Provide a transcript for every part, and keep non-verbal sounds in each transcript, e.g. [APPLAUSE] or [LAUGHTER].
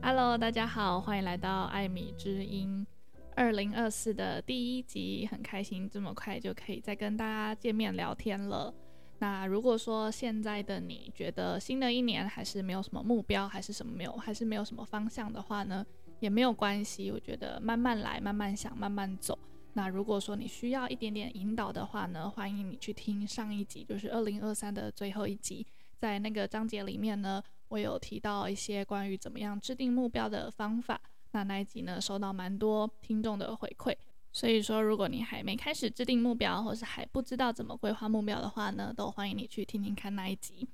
Hello，大家好，歡迎來到艾米之音二零二四的第一集，很開心這麼快就可以再跟大家見面聊天了。那如果說現在的你覺得新的一年還是沒有什麼目標，還是什麼沒有，還是沒有什麼方向的話呢？也沒有關係，我覺得慢慢來，慢慢想，慢慢走。那如果說你需要一點點引導的話呢，歡迎你去聽上一集，就是二零二三的最後一集，在那個章節裡面呢，我有提到一些關於怎麼樣制定目標的方法。那那一集呢，收到蠻多聽眾的回饋，所以說如果你還沒開始制定目標，或是還不知道怎麼規劃目標的話呢，都歡迎你去聽聽看那一集。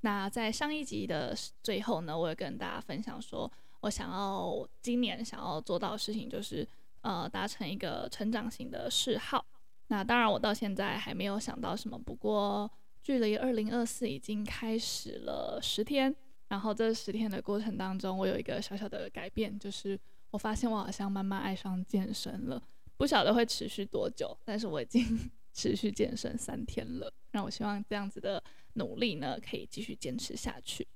那在上一集的最後呢，我有跟大家分享說，我想要今年想要做到的事情就是，呃，達成一個成長型的嗜好。那當然，我到現在還沒有想到什麼。不過，距離二零二四已經開始了十天，然後這十天的過程當中，我有一個小小的改變，就是我發現我好像慢慢愛上健身了。不曉得會持續多久，但是我已經 [LAUGHS] 持續健身三天了。那我希望這樣子的努力呢，可以繼續堅持下去。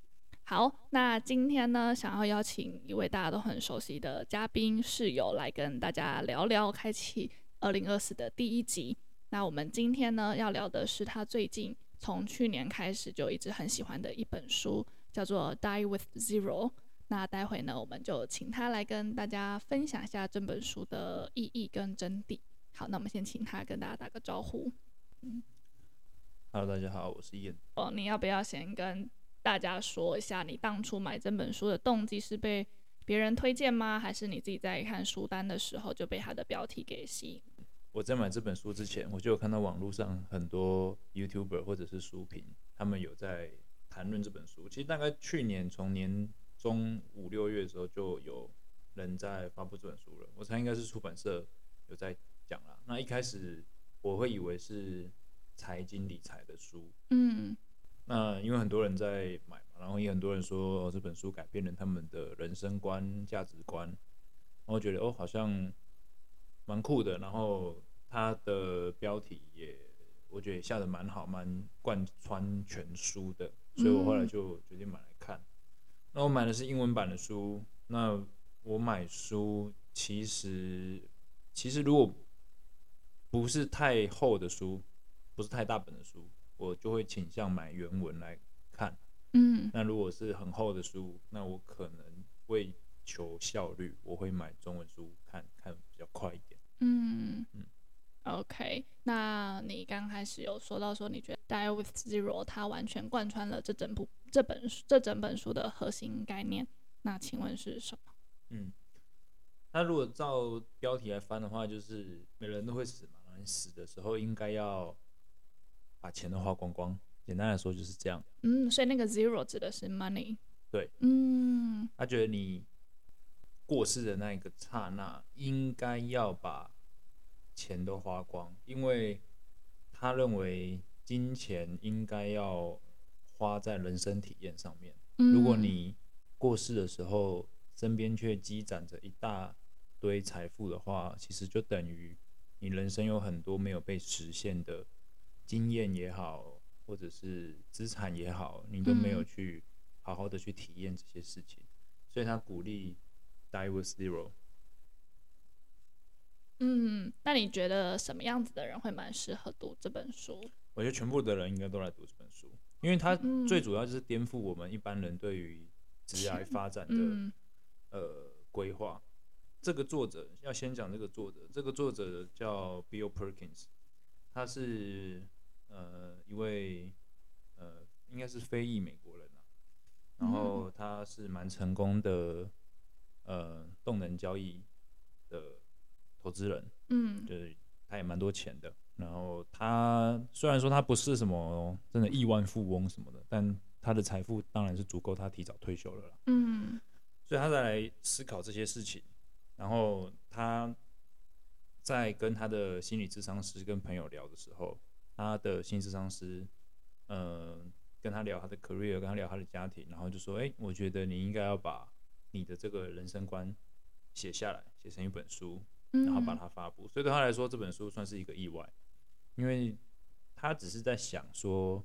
好，那今天呢，想要邀請一位大家都很熟悉的嘉賓室友來跟大家聊聊開啟二零二四的第一集。那我們今天呢，要聊的是他最近從去年開始就一直很喜歡的一本書，叫做《Die with Zero》。那待會呢，我們就請他來跟大家分享一下這本書的意義跟真諦。好，那我們先請他跟大家打個招呼。嗯，Hello，大家好，我是 Ian。哦，你要不要先跟？大家說一下，你當初買這本書的動機是被別人推薦嗎？還是你自己在看書單的時候就被它的標題給吸引？我在買這本書之前，我就有看到網絡上很多 YouTuber 或者是書評，他們有在談論這本書。其實大概去年從年中五六月的時候，就有人在發布這本書了。我猜應該是出版社有在講啦。那一開始我會以為是財經理財的書，嗯。那因為很多人在買嘛，然後也很多人說，哦，這本書改變了他們的人生觀、價值觀，然後我覺得哦好像蠻酷的，然後它的標題也我覺得也下得蠻好，蠻貫穿全書的，所以我後來就決定買來看。嗯。那我買的是英文版的書。那我買書其實其實如果不是太厚的書，不是太大本的書，我就會傾向買原文來看，嗯，那如果是很厚的書，那我可能為求效率，我會買中文書看看比較快一點，嗯嗯，OK，那你剛開始有說到說你覺得《Die with Zero》它完全貫穿了這整部這本這整本書的核心概念，那請問是什麼？嗯，那如果照標題來翻的話，就是每人都會死嘛，你死的時候應該要。把錢都花光光，簡單來說就是這樣。嗯，所以那個 zero 指的是 money。對，嗯，他覺得你過世的那一個剎那，應該要把錢都花光，因為他認為金錢應該要花在人生體驗上面。嗯，如果你過世的時候，身邊卻積攢着一大堆財富的話，其實就等於你人生有很多沒有被實現的。經驗也好，或者是資產也好，你都沒有去好好的去體驗這些事情，嗯、所以他鼓勵 Die with Zero。 嗯，那你覺得什麼樣子的人會蠻適合讀這本書？我覺得全部的人應該都來讀這本書，因為它最主要就是顛覆我們一般人對於職業發展的、嗯、呃規劃。這個作者要先講這個作者，這個作者叫 Bill Perkins。他是呃一位呃應該是非裔美國人啊，然後他是蠻成功的呃動能交易的投資人，嗯，對，他也蠻多錢的。然後他雖然說他不是什麼真的億萬富翁什麼的，但他的財富當然是足夠他提早退休了啦。嗯，所以他在思考這些事情，然後他。在跟他的心理諮商師跟朋友聊的時候，他的心理諮商師，嗯、呃，跟他聊他的 career，跟他聊他的家庭，然後就說：“哎、欸，我覺得你應該要把你的這個人生觀寫下來，寫成一本書，然後把它發布。嗯”所以對他來說，這本書算是一個意外，因為他只是在想說，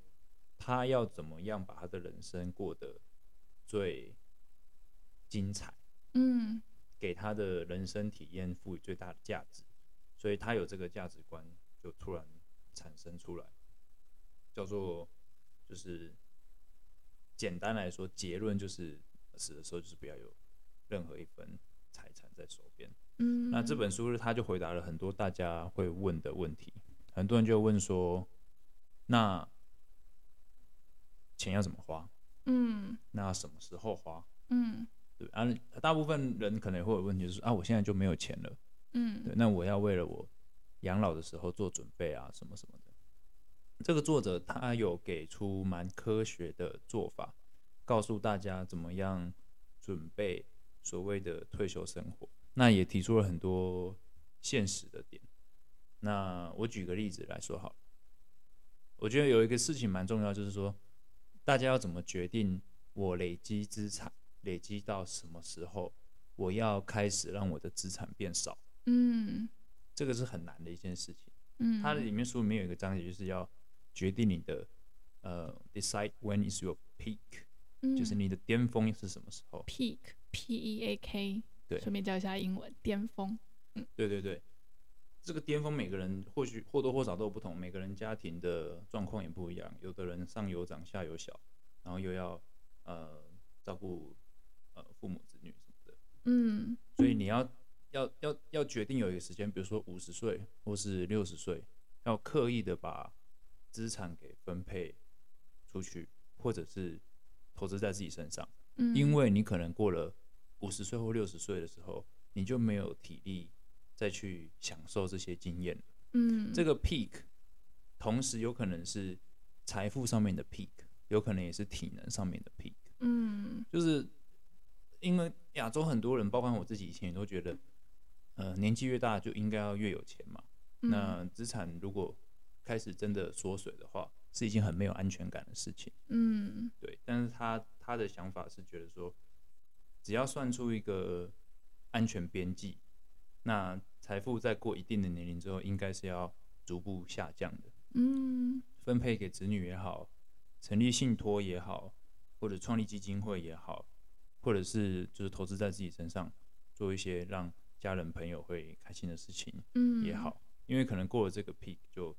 他要怎麼樣把他的人生過得最精彩，嗯，給他的人生體驗賦予最大的價值。所以他有這個價值觀，就突然產生出來，叫做，就是簡單來說，結論就是死的時候就是不要有任何一分財產在手邊。嗯。那這本書他就回答了很多大家會問的問題。很多人就問說，那錢要怎麼花？嗯，那什麼時候花？嗯，對啊，大部分人可能會有問題，就是啊，我現在就沒有錢了。嗯，對，那我要為了我養老的時候做準備啊，什麼什麼的。這個作者他有給出蠻科學的做法，告訴大家怎麼樣準備所謂的退休生活。那也提出了很多現實的點。那我舉個例子來說好了，我覺得有一個事情蠻重要，就是說大家要怎麼決定我累積資產，累積到什麼時候，我要開始讓我的資產變少。嗯，這個是很難的一件事情。嗯，它的裡面書裡面有一個章節，就是要決定你的呃，decide when is your peak，嗯，就是你的巔峰是什麼時候。peak，P-E-A-K。E A K，對，順便教一下英文，巔峰。嗯，對對對，這個巔峰每個人或許或多或少都有不同，每個人家庭的狀況也不一樣。有的人上有長下有小，然後又要呃照顧呃父母子女什麼的。嗯，所以你要。嗯要要要決定有一個時間，比如說五十歲或是六十歲，要刻意的把資產給分配出去，或者是投資在自己身上。嗯，因為你可能過了五十歲或六十歲的時候，你就沒有體力再去享受這些經驗了。嗯，這個 peak，同時有可能是財富上面的 peak，有可能也是體能上面的 peak。嗯，就是因為亞洲很多人，包括我自己以前都覺得。呃，年紀越大就應該要越有錢嘛。嗯、那資產如果開始真的縮水的話，是一件很沒有安全感的事情。嗯，對。但是他他的想法是覺得說，只要算出一個安全邊際，那財富在過一定的年齡之後，應該是要逐步下降的。嗯，分配給子女也好，成立信託也好，或者創立基金會也好，或者是就是投資在自己身上，做一些讓。家人朋友會開心的事情，嗯，也好，嗯、因為可能過了這個 peak 就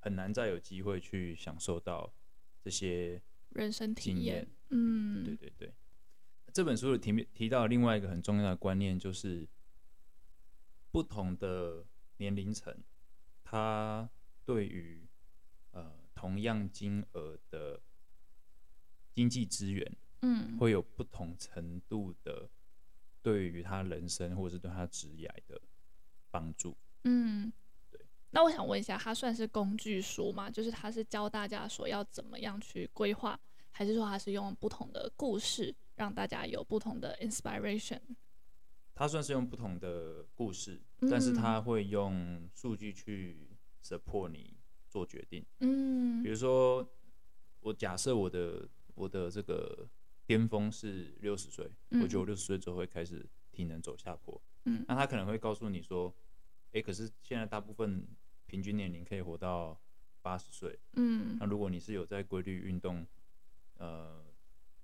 很難再有機會去享受到這些人生體驗，嗯，對對對。這本書的提提到另外一個很重要的觀念，就是不同的年齡層，他對於呃同樣金額的經濟資源，嗯，會有不同程度的。對於他人生或者是對他職業的幫助，嗯，對。那我想問一下，他算是工具書嗎？就是他是教大家說要怎麼樣去規劃，還是說他是用不同的故事讓大家有不同的 inspiration？他算是用不同的故事，嗯，但是他會用數據去 support 你做決定。嗯，比如說，我假設我的我的這個。巔峰是六十歲，我覺得我六十歲之後會開始體能走下坡。嗯，那他可能會告訴你說：“欸，可是現在大部分平均年齡可以活到八十歲，嗯，那如果你是有在規律運動，呃，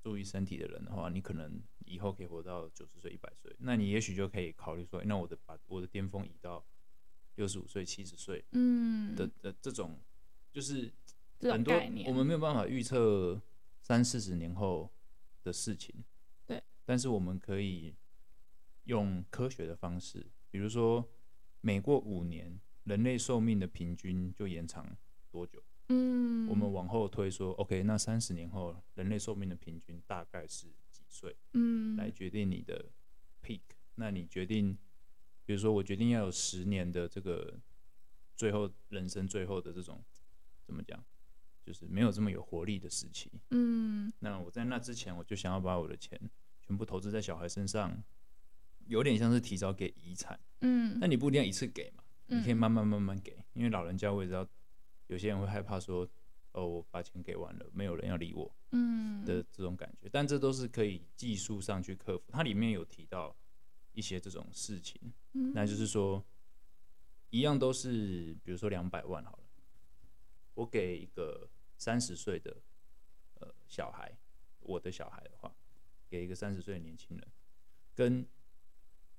注意身體的人的話，你可能以後可以活到九十歲、一百歲。那你也許就可以考慮說，那我的把我的巔峰移到六十五歲、七十歲，嗯的的這種，就是很多我們沒有辦法預測三四十年後。”的事情，對，但是我們可以用科學的方式，比如說每過五年，人類壽命的平均就延長多久？嗯，我們往後推說，OK，那三十年後人類壽命的平均大概是幾歲？嗯，來決定你的 peak。那你決定，比如說我決定要有十年的這個最後人生最後的這種怎麼講？就是沒有這麼有活力的時期。嗯，那我在那之前，我就想要把我的錢全部投資在小孩身上，有點像是提早給遺產。嗯，但你不一定要一次給嘛，嗯、你可以慢慢慢慢給，因為老人家我也知道，有些人會害怕說，哦，我把錢給完了，沒有人要理我。嗯的這種感覺，但這都是可以技術上去克服。它裡面有提到一些這種事情，那就是說，一樣都是，比如說兩百萬好了，我給一個。三十歲的呃小孩，我的小孩的話，給一個三十歲的年輕人，跟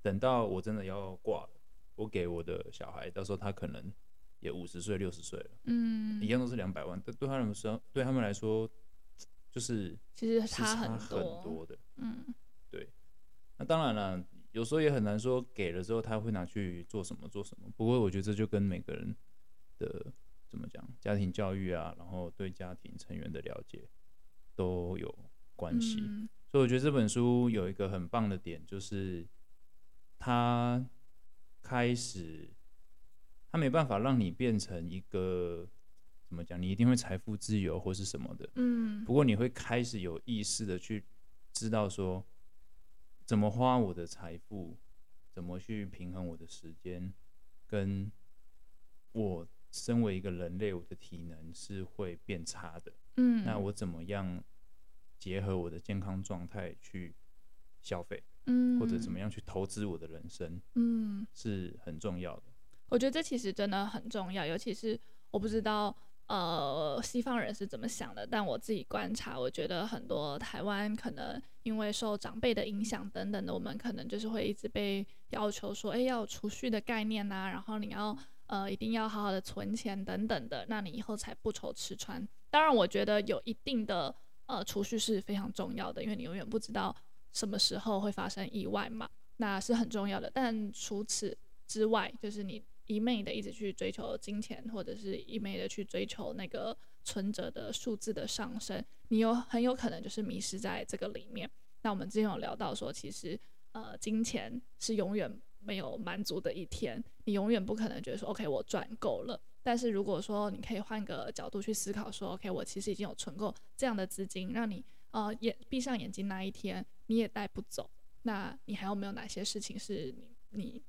等到我真的要掛了，我給我的小孩，到時候他可能也五十歲六十歲了，嗯，一樣都是兩百萬，但對他們說，對他們來說就是其實差很多，差很多的，嗯，對，那當然了，有時候也很難說，給了之後他會拿去做什麼做什麼，不過我覺得這就跟每個人的怎麼講？家庭教育啊，然後對家庭成員的了解都有關係。嗯。所以我覺得這本書有一個很棒的點，就是他開始他沒辦法讓你變成一個怎麼講，你一定會財富自由或是什麼的。嗯。不過你會開始有意識的去知道說，怎麼花我的財富，怎麼去平衡我的時間，跟我。身為一個人類，我的體能是會變差的。嗯，那我怎麼樣結合我的健康狀態去消費？嗯，或者怎麼樣去投資我的人生？嗯，是很重要的。我覺得這其實真的很重要，尤其是我不知道呃西方人是怎麼想的，但我自己觀察，我覺得很多台灣可能因為受長輩的影響等等的，我們可能就是會一直被要求說，欸，要有儲蓄的概念啊，然後你要。呃，一定要好好的存錢等等的，那你以後才不愁吃穿。當然，我覺得有一定的呃儲蓄是非常重要的，因為你永遠不知道什麼時候會發生意外嘛，那是很重要的。但除此之外，就是你一昧的一直去追求金錢，或者是一昧的去追求那個存摺的數字的上升，你有很有可能就是迷失在這個裡面。那我們之前有聊到說，其實呃，金錢是永遠沒有滿足的一天，你永遠不可能覺得說 OK 我賺夠了。但是如果說你可以換個角度去思考說，說 OK 我其實已經有存夠這樣的資金，讓你呃眼閉上眼睛那一天你也帶不走。那你還有沒有哪些事情是你你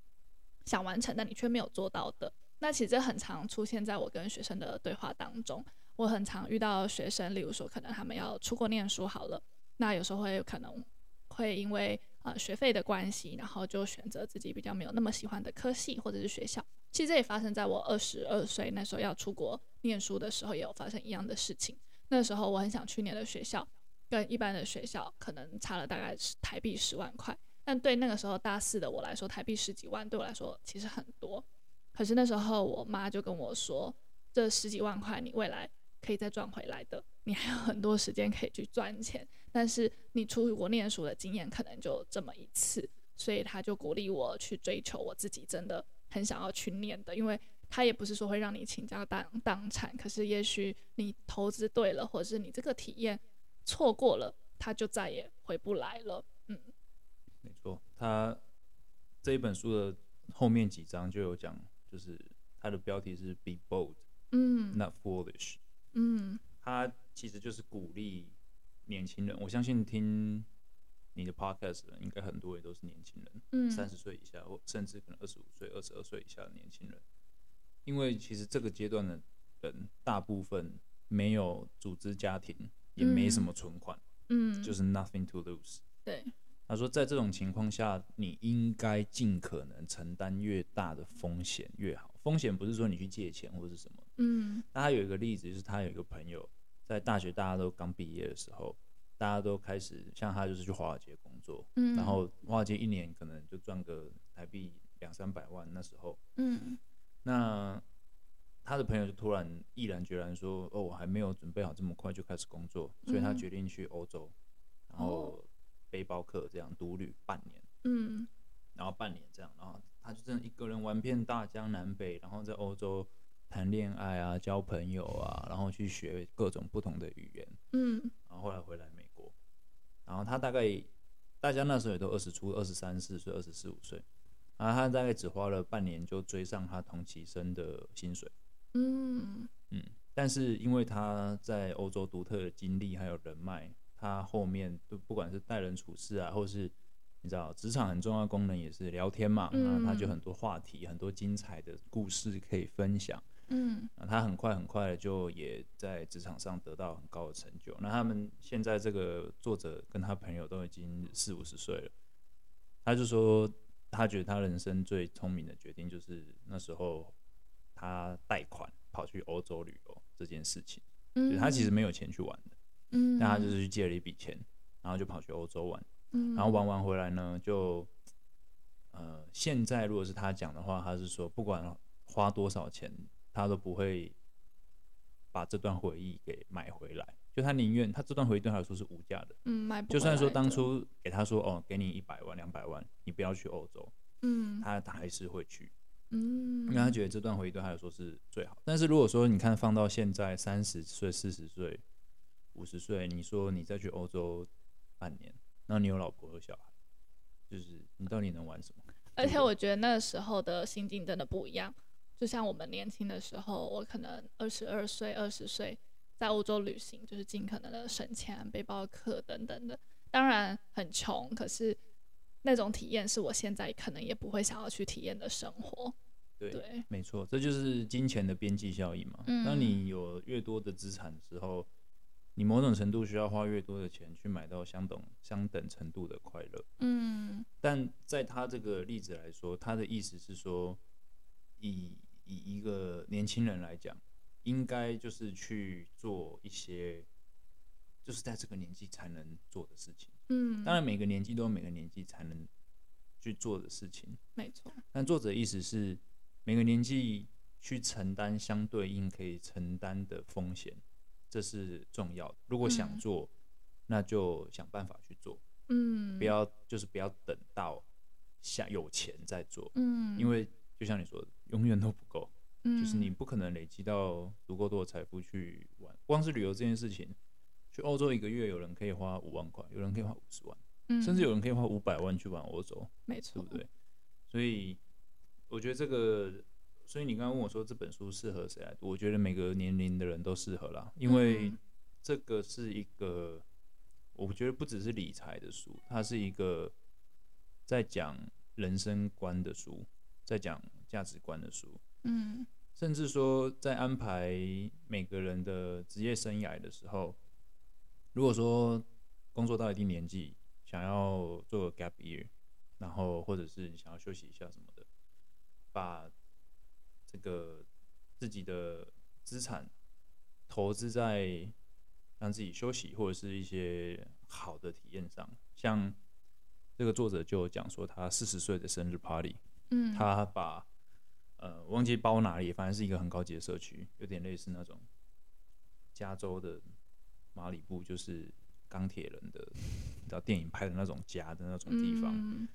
想完成但你卻沒有做到的？那其實這很常出現在我跟學生的對話當中。我很常遇到學生，例如說可能他們要出國念書好了，那有時候會可能會因為。啊、呃，學費的關係，然後就選擇自己比較沒有那麼喜歡的科系或者是學校。其實這也發生在我二十二歲那時候要出國念書的時候，也有發生一樣的事情。那時候我很想去念的學校，跟一般的學校可能差了大概台幣十萬塊，但對那個時候大四的我來說，台幣十幾萬對我來說其實很多。可是那時候我媽就跟我說，這十幾萬塊你未來可以再賺回來的，你還有很多時間可以去賺錢。但是你出國念書的經驗可能就這麼一次，所以他就鼓勵我去追求我自己真的很想要去念的，因為他也不是說會讓你傾家蕩蕩產，可是也許你投資對了，或者是你這個體驗錯過了，他就再也回不來了。嗯，沒錯，他這一本書的後面幾章就有講，就是他的標題是 “Be Bold, Not Foolish”。嗯。嗯，他其實就是鼓勵。年輕人，我相信聽你的 podcast 的人應該很多也都是年輕人，嗯，三十歲以下或甚至可能二十五歲、二十二歲以下的年輕人，因為其實這個階段的人大部分沒有組織家庭，也沒什麼存款，嗯，嗯，就是 nothing to lose。對，他說在這種情況下，你應該盡可能承擔越大的風險越好。風險不是說你去借錢或者是什麼，嗯，那他有一個例子就是他有一個朋友。在大學大家都剛畢業的時候，大家都開始像他就是去華爾街工作，嗯，然後華爾街一年可能就賺個台幣兩三百萬，那時候，嗯，那他的朋友就突然毅然決然說，哦，我還沒有準備好這麼快就開始工作，嗯，所以他決定去歐洲，然後背包客這樣獨旅半年，嗯，然後半年這樣，然後他就真的一個人玩遍大江南北，然後在歐洲。談戀愛啊，交朋友啊，然後去學各種不同的語言，嗯，然後後來回來美國，然後他大概大家那時候也都二十出、二十三四歲、二十四五歲，啊，他大概只花了半年就追上他同期生的薪水，嗯嗯，但是因為他在歐洲獨特的經歷還有人脈，他後面都不管是待人處事啊，或是你知道職場很重要的功能也是聊天嘛，然後他就很多話題、很多精彩的故事可以分享。嗯，他很快很快的就也在職場上得到很高的成就。那他們現在這個作者跟他朋友都已經四五十歲了，他就說他覺得他人生最聰明的決定就是那時候他貸款跑去歐洲旅遊這件事情。嗯，就他其實沒有錢去玩的，嗯，但他就是去借了一筆錢，然後就跑去歐洲玩。嗯，然後玩完回來呢，就呃現在如果是他講的話，他是說不管花多少錢。他都不會把這段回憶給買回來，就他寧願他這段回憶對他來說是無價的。嗯，買就算說當初給他說哦，給你一百萬兩百萬，你不要去歐洲。嗯，他他還是會去。嗯，因為他覺得這段回憶對他來說是最好。但是如果說你看放到現在三十歲四十歲五十歲，你說你再去歐洲半年，那你有老婆有小孩，就是你到底能玩什麼？對對，而且我覺得那時候的心境真的不一樣。就像我們年輕的時候，我可能二十二歲、二十歲在歐洲旅行，就是盡可能的省錢、背包客等等的，當然很窮，可是那種體驗是我現在可能也不會想要去體驗的生活。對，對。沒錯，這就是金錢的邊際效應嘛。嗯。當你有越多的資產的時候，你某種程度需要花越多的錢去買到相等相等程度的快樂。嗯。但在他這個例子來說，他的意思是說，以。以一個年輕人來講，應該就是去做一些，就是在這個年紀才能做的事情。嗯，當然每個年紀都有每個年紀才能去做的事情，沒錯。但作者的意思是，每個年紀去承擔相對應可以承擔的風險，這是重要的。如果想做，嗯，那就想辦法去做。嗯，不要就是不要等到想有錢再做。嗯，因為。就像你說的，永遠都不夠，嗯，就是你不可能累積到足夠多的財富去玩。光是旅遊這件事情，去歐洲一個月有，有人可以花五萬塊，有人可以花五十萬，嗯，甚至有人可以花五百萬去玩歐洲，沒錯，對不對？所以，我覺得這個，所以你剛剛問我說，這本書適合誰來讀？我覺得每個年齡的人都適合啦。因為這個是一個，我覺得不只是理財的書，它是一個在講人生觀的書。在講價值觀的書，嗯，甚至說，在安排每個人的職業生涯的時候，如果說工作到一定年紀，想要做個 gap year，然後或者是想要休息一下什麼的，把這個自己的資產投資在讓自己休息或者是一些好的體驗上，像這個作者就講說他四十歲的生日 party。嗯，他把，呃，忘記包哪裡，反正是一個很高級的社區，有點類似那種，加州的馬里布，就是鋼鐵人的，你知道電影拍的那種家的那種地方。嗯、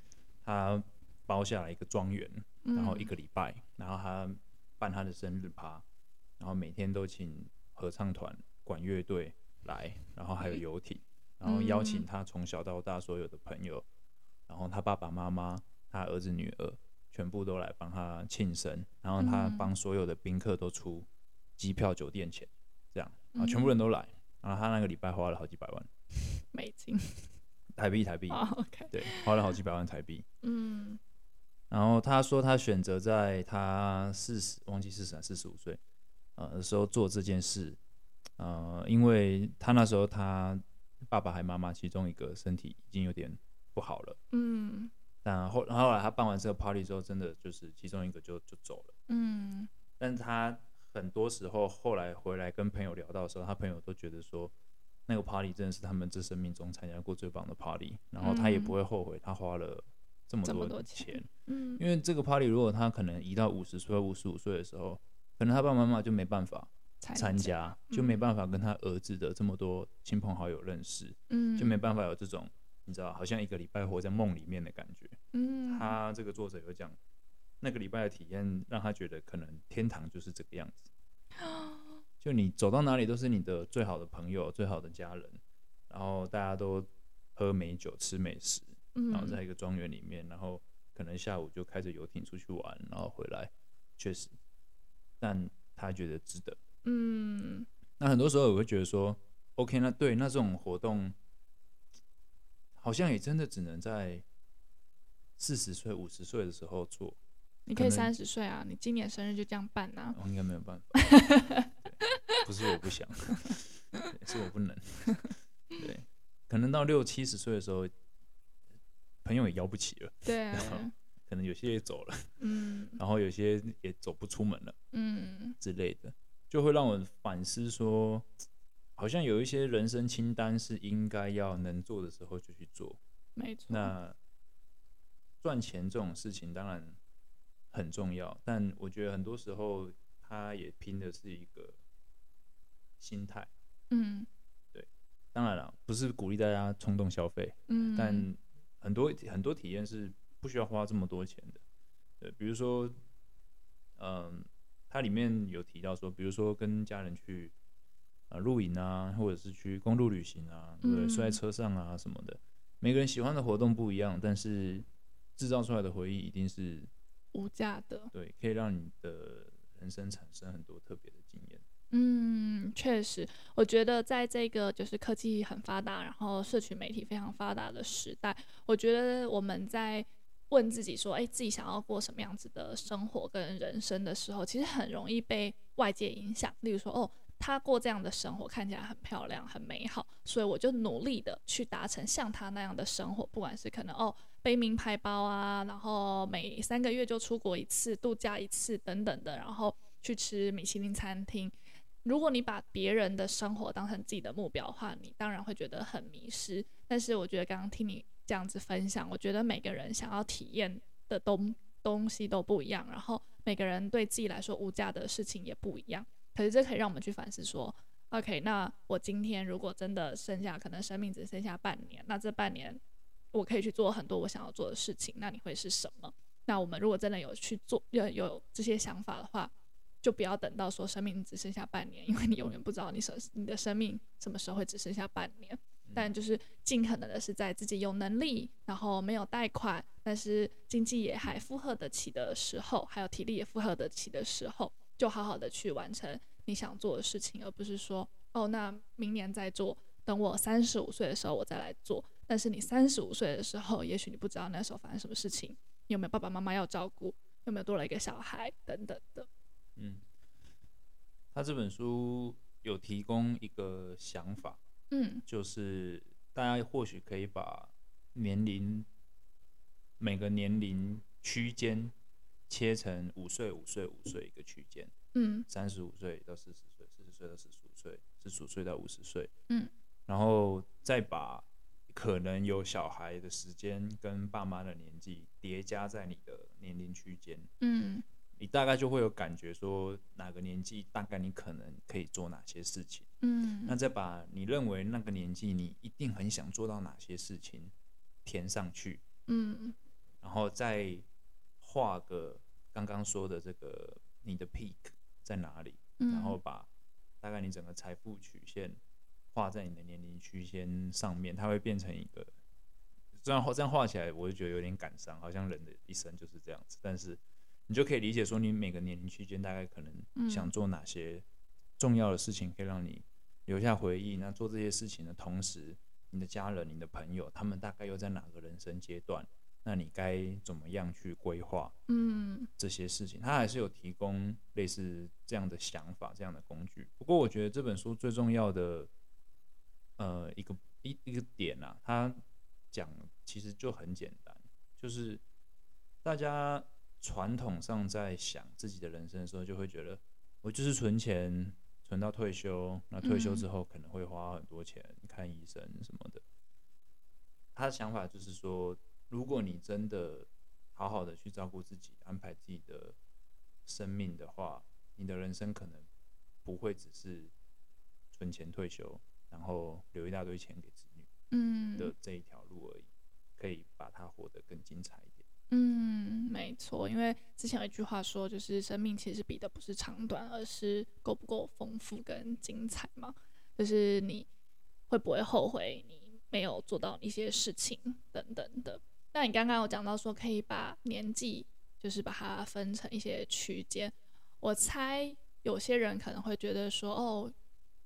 他包下來一個莊園，然後一個禮拜，然後他辦他的生日趴，然後每天都請合唱團、管樂隊來，然後還有遊艇，然後邀請他從小到大所有的朋友，然後他爸爸媽媽、他兒子女兒。全部都來幫他慶生，然後他幫所有的賓客都出機票、酒店錢，嗯、這樣啊，全部人都來，然後他那個禮拜花了好幾百萬美金，台幣台幣，哦 okay、對，花了好幾百萬台幣。嗯，然後他說他選擇在他四十忘記四十四十五歲、呃，的時候做這件事，呃，因為他那時候他爸爸還媽媽其中一個身體已經有點不好了。嗯。然後，然後來他辦完這個 party 之後，真的就是其中一個就就走了。嗯，但是他很多時候後來回來跟朋友聊到的時候，他朋友都覺得說，那個 party 真的是他們這生命中參加過最棒的 party，然後他也不會後悔，他花了這麼多的錢、嗯、這麼多錢。嗯，因為這個 party 如果他可能移到五十歲、五十五歲的時候，可能他爸爸媽媽就沒辦法參加，嗯、就沒辦法跟他兒子的這麼多親朋好友認識，嗯、就沒辦法有這種。你知道，好像一個禮拜活在夢裡面的感覺。嗯，他這個作者有講，那個禮拜的體驗讓他覺得可能天堂就是這個樣子。就你走到哪裡都是你的最好的朋友、最好的家人，然後大家都喝美酒、吃美食，然後在一個莊園裡面，然後可能下午就開着遊艇出去玩，然後回來，確實，但他覺得值得。嗯，那很多時候我會覺得說，OK，那對，那這種活動。好像也真的只能在四十歲、五十歲的時候做。你可以三十歲啊，能你今年生日就這樣辦啊？應該沒有辦法， [LAUGHS] 不是我不想， [LAUGHS] 是我不能。對，可能到六七十歲的時候，朋友也邀不起了。對、啊，可能有些也走了。嗯。然後有些也走不出門了。嗯。之類的，就會讓我反思說。好像有一些人生清單是應該要能做的時候就去做，沒錯。那賺錢這種事情當然很重要，但我覺得很多時候他也拼的是一個心態。嗯，對。當然了，不是鼓勵大家衝動消費。嗯。但很多很多體驗是不需要花這麼多錢的。對，比如說，嗯、呃，它裡面有提到說，比如說跟家人去。啊，露營啊，或者是去公路旅行啊，對，對，睡在車上啊什麼的，嗯、每個人喜歡的活動不一樣，但是製造出來的回憶一定是無價的，對，可以讓你的人生產生很多特別的經驗。嗯，確實，我覺得在這個就是科技很發達，然後社群媒體非常發達的時代，我覺得我們在問自己說，哎，自己想要過什麼樣子的生活跟人生的時候，其實很容易被外界影響，例如說，哦。他過這樣的生活看起來很漂亮、很美好，所以我就努力的去達成像他那樣的生活，不管是可能哦背名牌包啊，然後每三個月就出國一次、度假一次等等的，然後去吃米其林餐廳。如果你把別人的生活當成自己的目標的話，你當然會覺得很迷失。但是我覺得剛剛聽你這樣子分享，我覺得每個人想要體驗的東東西都不一樣，然後每個人對自己來說無價的事情也不一樣。可是這可以讓我們去反思說，OK，那我今天如果真的剩下可能生命只剩下半年，那這半年我可以去做很多我想要做的事情。那你會是什麼？那我們如果真的有去做要有，有這些想法的話，就不要等到說生命只剩下半年，因為你永遠不知道你生你的生命什麼時候會只剩下半年。但就是盡可能的是在自己有能力，然後沒有貸款，但是經濟也還負荷得起的時候，還有體力也負荷得起的時候。就好好的去完成你想做的事情，而不是說哦，那明年再做，等我三十五歲的時候我再來做。但是你三十五歲的時候，也許你不知道那時候發生什麼事情，你有沒有爸爸媽媽要照顧，有沒有多了一個小孩等等的。嗯，他這本書有提供一個想法，嗯，就是大家或許可以把年齡每個年齡區間。切成五歲、五歲、五歲一個區間，嗯，三十五歲到四十歲，四十歲到四十五歲，四十五歲到五十歲，嗯，然後再把可能有小孩的時間跟爸媽的年紀疊加在你的年齡區間，嗯，你大概就會有感覺說哪個年紀大概你可能可以做哪些事情，嗯，那再把你認為那個年紀你一定很想做到哪些事情填上去，嗯，然後再。畫個剛剛說的這個你的 peak 在哪裡，然後把大概你整個財富曲線畫在你的年齡區間上面，它會變成一個這樣畫，這樣畫起來，我就覺得有點感傷，好像人的一生就是這樣子。但是你就可以理解說，你每個年齡區間大概可能想做哪些重要的事情，可以讓你留下回憶。那做這些事情的同時，你的家人、你的朋友，他們大概又在哪個人生階段？那你該怎麼樣去規劃？嗯，這些事情、嗯、他還是有提供類似這樣的想法、嗯、這樣的工具。不過我覺得這本書最重要的，呃，一個一一個點啊，他講其實就很簡單，就是大家傳統上在想自己的人生的時候，就會覺得我就是存錢存到退休，那退休之後可能會花很多錢、嗯、看醫生什麼的。他的想法就是說，如果你真的好好的去照顧自己，安排自己的生命的話，你的人生可能不會只是存錢退休，然後留一大堆錢給子女的這一條路而已，嗯，可以把它活得更精彩一點。嗯，沒錯，因為之前有一句話說，就是生命其實比的不是長短，而是夠不夠豐富跟精彩嘛，就是你會不會後悔你沒有做到一些事情等等的。那你剛剛有講到說可以把年紀就是把它分成一些區間，我猜有些人可能會覺得說哦，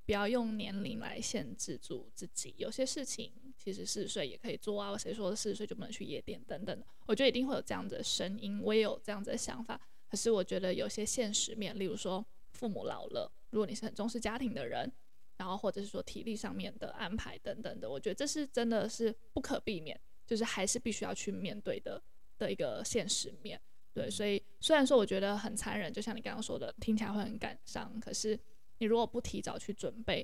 不要用年齡來限制住自己，有些事情其實四十歲也可以做啊，誰說四十歲就不能去夜店等等的？我覺得一定會有這樣子的聲音，我也有這樣子的想法。可是我覺得有些現實面，例如說父母老了，如果你是很重視家庭的人，然後或者是說體力上面的安排等等的，我覺得這是真的是不可避免。就是還是必須要去面對的的一個現實面對，所以雖然說我覺得很殘忍，就像你剛剛說的，聽起來會很感傷，可是你如果不提早去準備，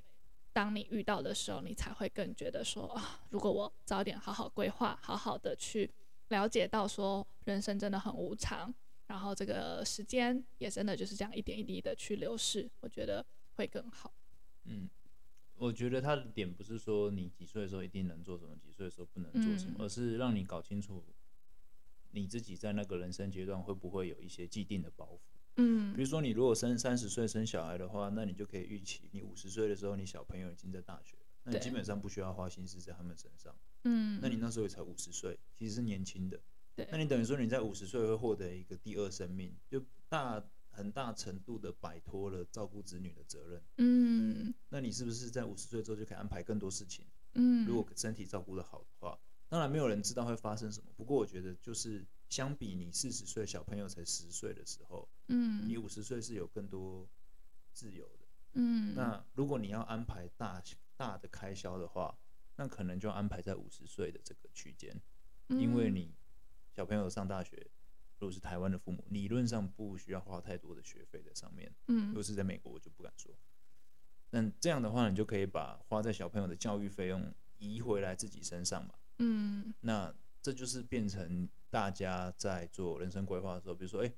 當你遇到的時候，你才會更覺得說啊，如果我早點好好規劃，好好的去了解到說人生真的很無常，然後這個時間也真的就是這樣一點一滴的去流逝，我覺得會更好。嗯。我覺得他的點不是說你幾歲的時候一定能做什麼，幾歲的時候不能做什麼，嗯，而是讓你搞清楚你自己在那個人生階段會不會有一些既定的包袱。嗯，比如說你如果生三十歲生小孩的話，那你就可以預期你五十歲的時候，你小朋友已經在大學了，那你基本上不需要花心思在他們身上。嗯，那你那時候也才五十歲，其實是年輕的。對，那你等於說你在五十歲會獲得一個第二生命，就大。很大程度地擺脫了照顧子女的責任。嗯，那你是不是在五十歲之後就可以安排更多事情？嗯，如果身體照顧得好的話，當然沒有人知道會發生什麼。不過我覺得，就是相比你四十歲小朋友才十歲的時候，嗯，你五十歲是有更多自由的。嗯，那如果你要安排大大的開銷的話，那可能就安排在五十歲的這個區間，嗯，因為你小朋友上大學。都是台灣的父母，理論上不需要花太多的學費在上面。嗯，如果是在美國，我就不敢說。但這樣的話，你就可以把花在小朋友的教育費用移回來自己身上嘛？嗯，那這就是變成大家在做人生規劃的時候，比如說，欸、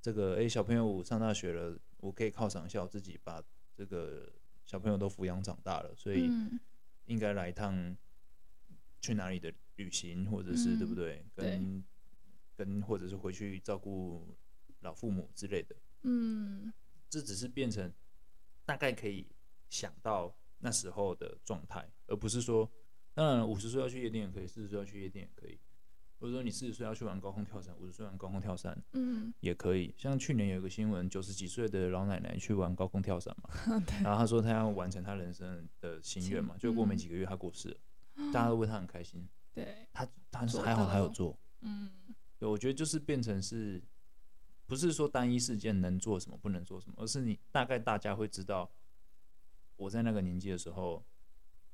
這個哎、欸、小朋友上大學了，我可以犒賞自己把這個小朋友都撫養長大了，所以應該來一趟去哪裡的旅行，或者是、嗯、對不對？跟……跟或者是回去照顧老父母之類的，嗯，這只是變成大概可以想到那時候的狀態，而不是說，當然五十歲要去夜店也可以，四十歲要去夜店也可以，或者說你四十歲要去玩高空跳傘，五十歲玩高空跳傘，嗯，也可以。嗯、像去年有一個新聞，九十幾歲的老奶奶去玩高空跳傘嘛，嗯、然後她說她要完成她人生的心願嘛，對就過沒幾個月她過世了，嗯、大家都為她很開心。對，她她還好她有做，做嗯。對，我覺得就是變成是，不是說單一事件能做什麼不能做什麼，而是你大概大家會知道，我在那個年紀的時候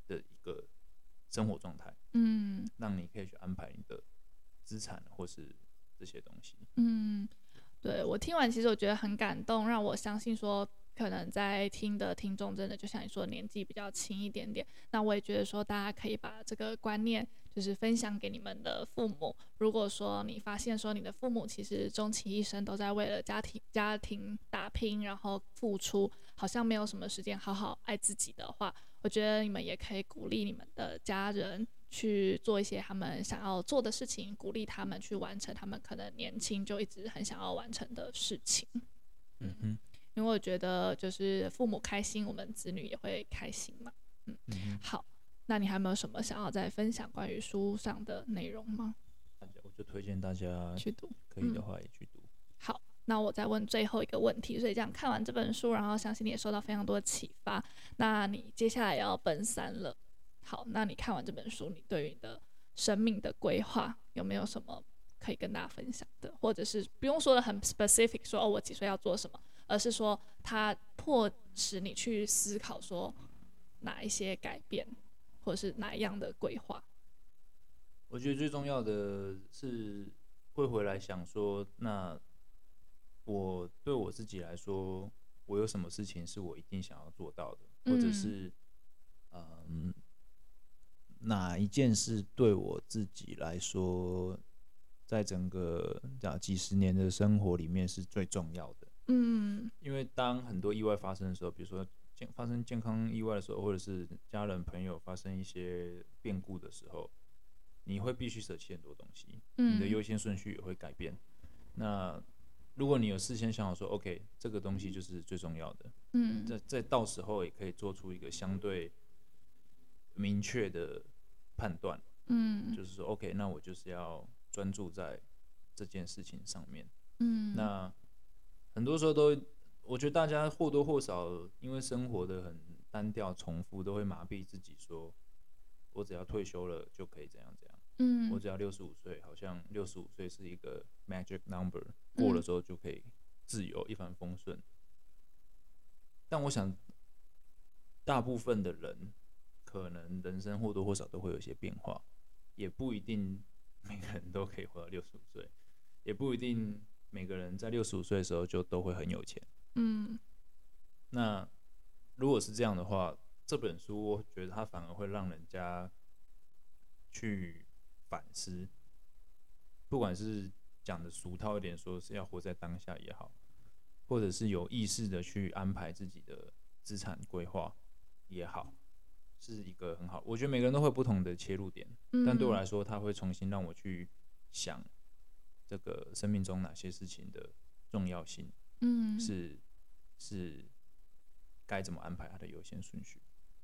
的一個生活狀態，嗯，讓你可以去安排你的資產或是這些東西。嗯，對，我聽完其實我覺得很感動，讓我相信說可能在聽的聽眾真的就像你說的年紀比較輕一點點，那我也覺得說大家可以把這個觀念。就是分享給你們的父母。如果說你發現說你的父母其實終其一生都在為了家庭家庭打拼，然後付出，好像沒有什麼時間好好愛自己的話，我覺得你們也可以鼓勵你們的家人去做一些他們想要做的事情，鼓勵他們去完成他們可能年輕就一直很想要完成的事情。嗯嗯。因為我覺得就是父母開心，我們子女也會開心嘛。嗯。好。那你還沒有什麼想要再分享關於書上的內容嗎？我就推薦大家去讀，可以的話也去讀。嗯。好，那我再問最後一個問題。所以這樣看完這本書，然後相信你也受到非常多的啟發。那你接下來要奔三了，好，那你看完這本書，你對於你的生命的規劃有沒有什麼可以跟大家分享的？或者是不用說得很 specific，說哦，我幾歲要做什麼，而是說它迫使你去思考說哪一些改變。或是哪一樣的規劃？我覺得最重要的是會回來想說，那我對我自己來說，我有什麼事情是我一定想要做到的，或者是嗯、呃，哪一件事對我自己來說，在整個這樣幾十年的生活裡面是最重要的？嗯，因為當很多意外發生的時候，比如說。發生健康意外的時候，或者是家人朋友發生一些變故的時候，你會必須捨棄很多東西，你的優先順序也會改變。嗯，那如果你有事先想好說，嗯，OK，這個東西就是最重要的，嗯，在，在到時候也可以做出一個相對明確的判斷，嗯，就是說，OK，那我就是要專注在這件事情上面，嗯，那很多時候都。我覺得大家或多或少因為生活的很單調重複，都會麻痹自己說，說我只要退休了就可以怎樣怎樣。嗯。我只要六十五歲，好像六十五歲是一個 magic number，過了之後就可以自由一帆風順。嗯、但我想，大部分的人可能人生或多或少都會有些變化，也不一定每個人都可以活到六十五歲，也不一定每個人在六十五歲的時候就都會很有錢。嗯，那如果是這樣的話，這本書我覺得它反而會讓人家去反思，不管是講的俗套一點，說是要活在當下也好，或者是有意識的去安排自己的資產規劃也好，是一個很好。我覺得每個人都會不同的切入點，嗯嗯，但對我來說，它會重新讓我去想這個生命中哪些事情的重要性。嗯，是。是該怎麼安排它的優先順序？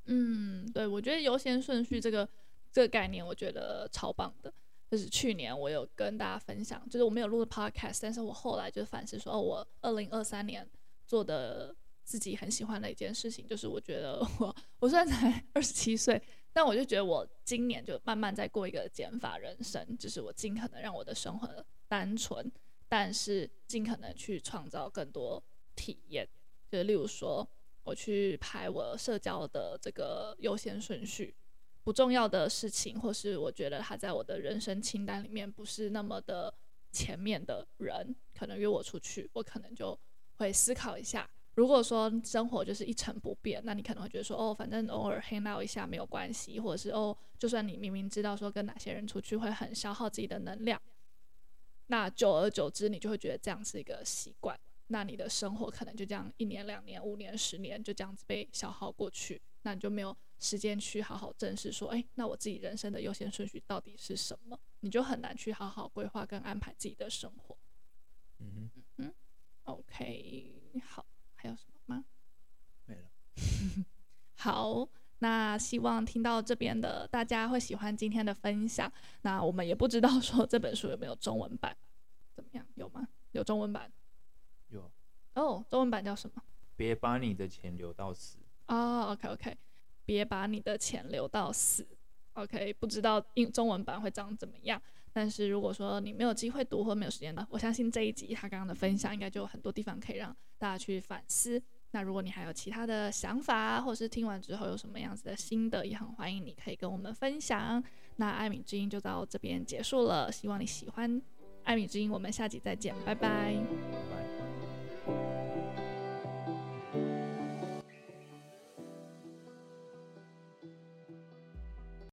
嗯，對，我覺得優先順序這個這個概念，我覺得超棒的。就是去年我有跟大家分享，就是我沒有錄的 podcast，但是我後來就反思說，哦，我二零二三年做的自己很喜歡的一件事情，就是我覺得我我雖然才二十七歲，但我就覺得我今年就慢慢在過一個減法人生，就是我盡可能讓我的生活單純，但是盡可能去創造更多體驗。就例如說，我去排我社交的這個優先順序，不重要的事情，或是我覺得他在我的人生清單裡面不是那麼的前面的人，可能約我出去，我可能就會思考一下。如果說生活就是一成不變，那你可能會覺得說，哦，反正偶爾 hang out 一下沒有關係，或者是哦，就算你明明知道說跟哪些人出去會很消耗自己的能量，那久而久之，你就會覺得這樣是一個習慣。那你的生活可能就這樣，一年、兩年、五年、十年，就這樣子被消耗過去。那你就沒有時間去好好正視，說，誒、欸，那我自己人生的優先順序到底是什麼？你就很難去好好規劃跟安排自己的生活。嗯哼嗯，OK，好，還有什麼嗎？沒了。 [LAUGHS] 好，那希望聽到這邊的大家會喜歡今天的分享。那我們也不知道說，這本書有沒有中文版，怎麼樣？有嗎？有中文版。哦，oh, 中文版叫什麼？別把你的錢留到死。哦，OK，OK，別把你的錢留到死。OK，不知道英中文版會長怎麼樣，但是如果說你沒有機會讀或沒有時間的，我相信這一集他剛剛的分享應該就有很多地方可以讓大家去反思。那如果你還有其他的想法，或是聽完之後有什麼樣子的心得，也很歡迎你可以跟我們分享。那艾米之音就到這邊結束了，希望你喜歡。艾米之音，我們下集再見，拜拜。